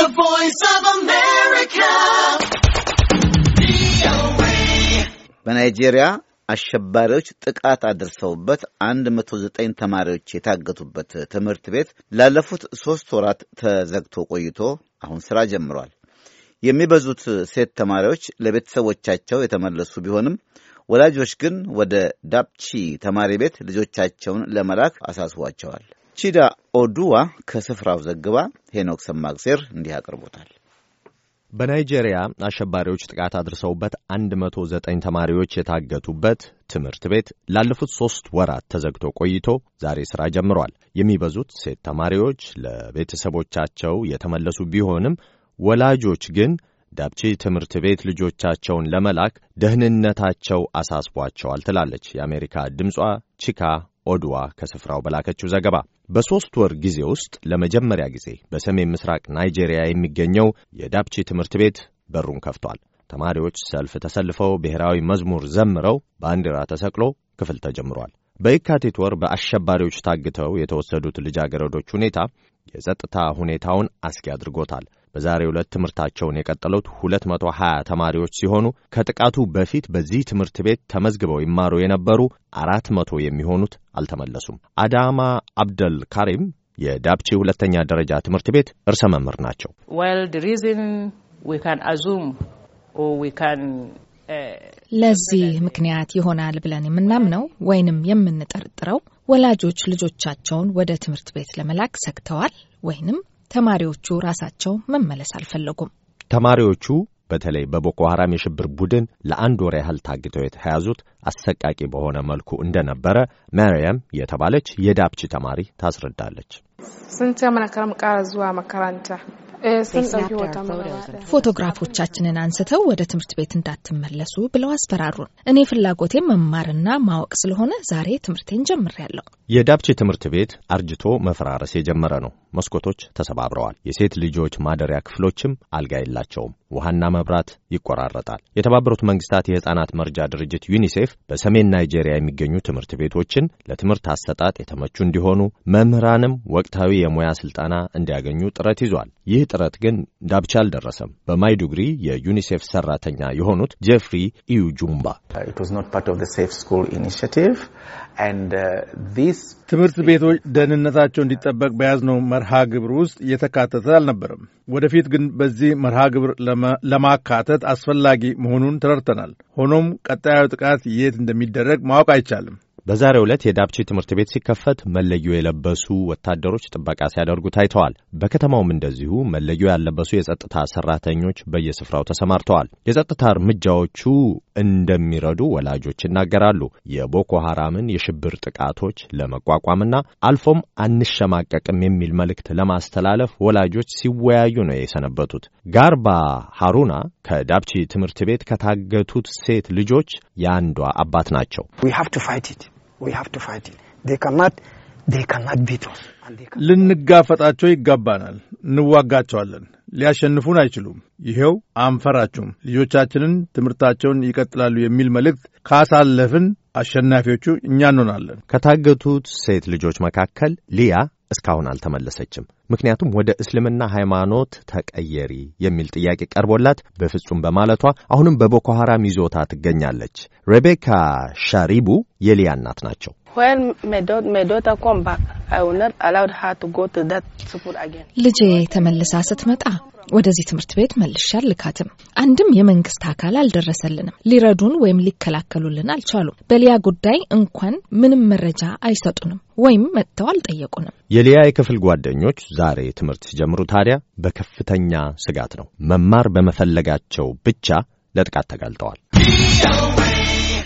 The Voice of America. በናይጄሪያ አሸባሪዎች ጥቃት አድርሰውበት 109 ተማሪዎች የታገቱበት ትምህርት ቤት ላለፉት ሦስት ወራት ተዘግቶ ቆይቶ አሁን ሥራ ጀምሯል። የሚበዙት ሴት ተማሪዎች ለቤተሰቦቻቸው የተመለሱ ቢሆንም ወላጆች ግን ወደ ዳፕቺ ተማሪ ቤት ልጆቻቸውን ለመላክ አሳስቧቸዋል። ቺዳ ኦዱዋ ከስፍራው ዘግባ ሄኖክ ሰማግዜር እንዲህ አቅርቦታል። በናይጄሪያ አሸባሪዎች ጥቃት አድርሰውበት 109 ተማሪዎች የታገቱበት ትምህርት ቤት ላለፉት ሦስት ወራት ተዘግቶ ቆይቶ ዛሬ ሥራ ጀምሯል። የሚበዙት ሴት ተማሪዎች ለቤተሰቦቻቸው የተመለሱ ቢሆንም ወላጆች ግን ዳብቺ ትምህርት ቤት ልጆቻቸውን ለመላክ ደህንነታቸው አሳስቧቸዋል ትላለች የአሜሪካ ድምጿ ቺካ ኦድዋ ከስፍራው በላከችው ዘገባ በሦስት ወር ጊዜ ውስጥ ለመጀመሪያ ጊዜ በሰሜን ምስራቅ ናይጄሪያ የሚገኘው የዳብቺ ትምህርት ቤት በሩን ከፍቷል። ተማሪዎች ሰልፍ ተሰልፈው ብሔራዊ መዝሙር ዘምረው ባንዲራ ተሰቅሎ ክፍል ተጀምሯል። በየካቲት ወር በአሸባሪዎች ታግተው የተወሰዱት ልጃገረዶች ሁኔታ የጸጥታ ሁኔታውን አስጊ አድርጎታል። በዛሬ ዕለት ትምህርታቸውን የቀጠሉት 220 ተማሪዎች ሲሆኑ ከጥቃቱ በፊት በዚህ ትምህርት ቤት ተመዝግበው ይማሩ የነበሩ 400 የሚሆኑት አልተመለሱም። አዳማ አብደል ካሪም የዳብቺ ሁለተኛ ደረጃ ትምህርት ቤት እርሰ መምህር ናቸው። uh, ለዚህ ምክንያት ይሆናል ብለን የምናምነው ወይንም የምንጠርጥረው ወላጆች ልጆቻቸውን ወደ ትምህርት ቤት ለመላክ ሰግተዋል ወይንም ተማሪዎቹ ራሳቸው መመለስ አልፈለጉም። ተማሪዎቹ በተለይ በቦኮ ሐራም የሽብር ቡድን ለአንድ ወር ያህል ታግተው የተያዙት አሰቃቂ በሆነ መልኩ እንደነበረ ማርያም የተባለች የዳፕቺ ተማሪ ታስረዳለች። ስንት መከራንቻ ፎቶግራፎቻችንን አንስተው ወደ ትምህርት ቤት እንዳትመለሱ ብለው አስፈራሩን። እኔ ፍላጎቴ መማርና ማወቅ ስለሆነ ዛሬ ትምህርቴን ጀምሬያለሁ። የዳብቼ ትምህርት ቤት አርጅቶ መፈራረስ የጀመረ ነው። መስኮቶች ተሰባብረዋል። የሴት ልጆች ማደሪያ ክፍሎችም አልጋ የላቸውም። ውሃና መብራት ይቆራረጣል። የተባበሩት መንግስታት የሕፃናት መርጃ ድርጅት ዩኒሴፍ በሰሜን ናይጄሪያ የሚገኙ ትምህርት ቤቶችን ለትምህርት አሰጣጥ የተመቹ እንዲሆኑ፣ መምህራንም ወቅታዊ የሙያ ስልጠና እንዲያገኙ ጥረት ይዟል። ይህ ጥረት ግን ዳብቻ አልደረሰም። በማይዱግሪ የዩኒሴፍ ሰራተኛ የሆኑት ጄፍሪ ኢዩ ጁምባ uh, ትምህርት ቤቶች ደህንነታቸው እንዲጠበቅ በያዝነው መርሃ ግብር ውስጥ የተካተተ አልነበረም። ወደፊት ግን በዚህ መርሃ ግብር ለማካተት አስፈላጊ መሆኑን ተረድተናል። ሆኖም ቀጣዩ ጥቃት የት እንደሚደረግ ማወቅ አይቻልም። በዛሬው ዕለት የዳብቺ ትምህርት ቤት ሲከፈት መለዮ የለበሱ ወታደሮች ጥበቃ ሲያደርጉ ታይተዋል። በከተማውም እንደዚሁ መለዮ ያለበሱ የጸጥታ ሰራተኞች በየስፍራው ተሰማርተዋል። የጸጥታ እርምጃዎቹ እንደሚረዱ ወላጆች ይናገራሉ። የቦኮ ሐራምን የሽብር ጥቃቶች ለመቋቋምና አልፎም አንሸማቀቅም የሚል መልእክት ለማስተላለፍ ወላጆች ሲወያዩ ነው የሰነበቱት። ጋርባ ሃሩና ከዳብቺ ትምህርት ቤት ከታገቱት ሴት ልጆች የአንዷ አባት ናቸው። ልንጋፈጣቸው ይገባናል። እንዋጋቸዋለን። ሊያሸንፉን አይችሉም። ይኸው አንፈራችሁም። ልጆቻችንን ትምህርታቸውን ይቀጥላሉ የሚል መልእክት ካሳለፍን አሸናፊዎቹ እኛ እንሆናለን። ከታገቱት ሴት ልጆች መካከል ሊያ እስካሁን አልተመለሰችም። ምክንያቱም ወደ እስልምና ሃይማኖት ተቀየሪ የሚል ጥያቄ ቀርቦላት በፍጹም በማለቷ አሁንም በቦኮ ሐራም ይዞታ ትገኛለች። ሬቤካ ሻሪቡ የሊያ እናት ናቸው። ልጄ ተመልሳ ስትመጣ ወደዚህ ትምህርት ቤት መልሼ አልካትም። አንድም የመንግስት አካል አልደረሰልንም፣ ሊረዱን ወይም ሊከላከሉልን አልቻሉም። በሊያ ጉዳይ እንኳን ምንም መረጃ አይሰጡንም ወይም መጥተው አልጠየቁንም። የሊያ የክፍል ጓደኞች ዛሬ ትምህርት ሲጀምሩ ታዲያ በከፍተኛ ስጋት ነው። መማር በመፈለጋቸው ብቻ ለጥቃት ተጋልጠዋል።